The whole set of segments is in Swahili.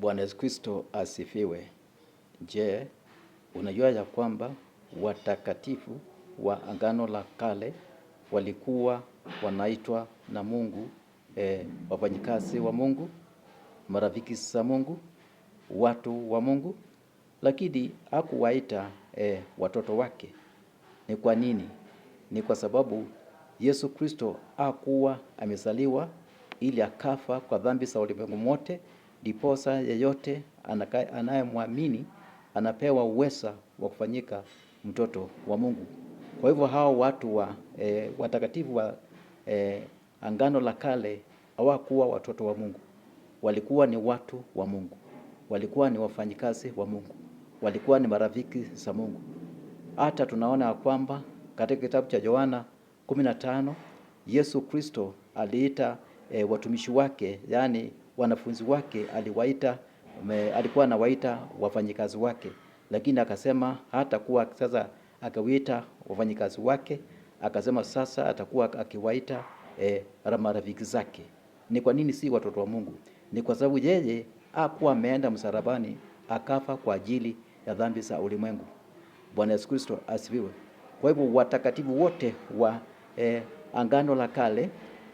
Bwana Yesu Kristo asifiwe. Je, unajua ya kwamba watakatifu wa Agano la Kale walikuwa wanaitwa na Mungu e, wafanyikazi wa Mungu, marafiki za Mungu, watu wa Mungu, lakini hakuwaita e, watoto wake. Ni kwa nini? Ni kwa sababu Yesu Kristo hakuwa amezaliwa ili akafa kwa dhambi za ulimwengu wote Diposa yeyote anayemwamini anapewa uweza wa kufanyika mtoto wa Mungu. Kwa hivyo hao watu wa e, watakatifu wa e, Agano la Kale hawakuwa watoto wa Mungu, walikuwa ni watu wa Mungu, walikuwa ni wafanyikazi wa Mungu, walikuwa ni marafiki za Mungu. Hata tunaona ya kwamba katika kitabu cha Yohana 15 Yesu Kristo aliita e, watumishi wake yani wanafunzi wake aliwaita me, alikuwa anawaita wafanyikazi wake, lakini akasema hata kuwa sasa akawaita wafanyikazi wake, akasema sasa atakuwa akiwaita e, marafiki zake. Ni kwa nini si watoto wa Mungu? Ni kwa sababu yeye hakuwa ameenda msalabani akafa kwa ajili ya dhambi za ulimwengu. Bwana Yesu Kristo asifiwe. Kwa hivyo watakatifu wote wa e, Angano la Kale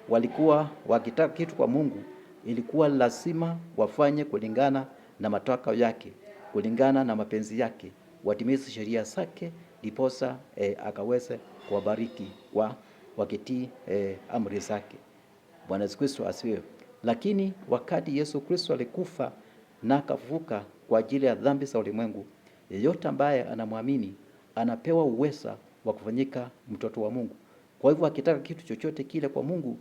walikuwa wakitaka kitu kwa Mungu ilikuwa lazima wafanye kulingana na matakwa yake, kulingana na mapenzi yake, watimize sheria zake, ndiposa e, akaweze kuwabariki kwa wakitii e, amri zake. Bwana Yesu Kristo asiwe. Lakini wakati Yesu Kristo alikufa na akafufuka kwa ajili ya dhambi za ulimwengu, yeyote ambaye anamwamini anapewa uweza wa kufanyika mtoto wa Mungu. Kwa hivyo akitaka kitu chochote kile kwa Mungu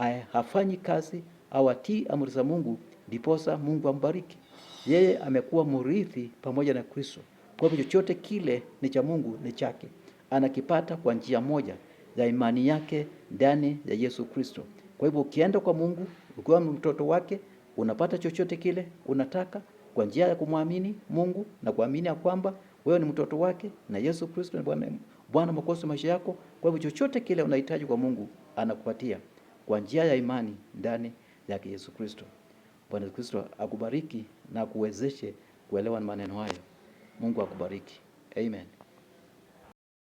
eh, hafanyi kazi awatii amri za Mungu, ndiposa Mungu ambariki. Yeye amekuwa mrithi pamoja na Kristo, kwa hivyo chochote kile ni cha Mungu ni chake, anakipata kwa njia moja ya imani yake ndani ya Yesu Kristo. Kwa hivyo ukienda kwa Mungu ukiwa mtoto wake, unapata chochote kile unataka kwa njia ya kumwamini Mungu na kuamini ya kwamba wewe ni mtoto wake na Yesu Kristo ni Bwana Mwokozi maisha yako. Kwa hivyo chochote kile unahitaji kwa Mungu anakupatia kwa njia ya imani ndani yake Yesu Kristo. Bwana Yesu Kristo akubariki na kuwezeshe kuelewa maneno hayo. Mungu akubariki. Amen.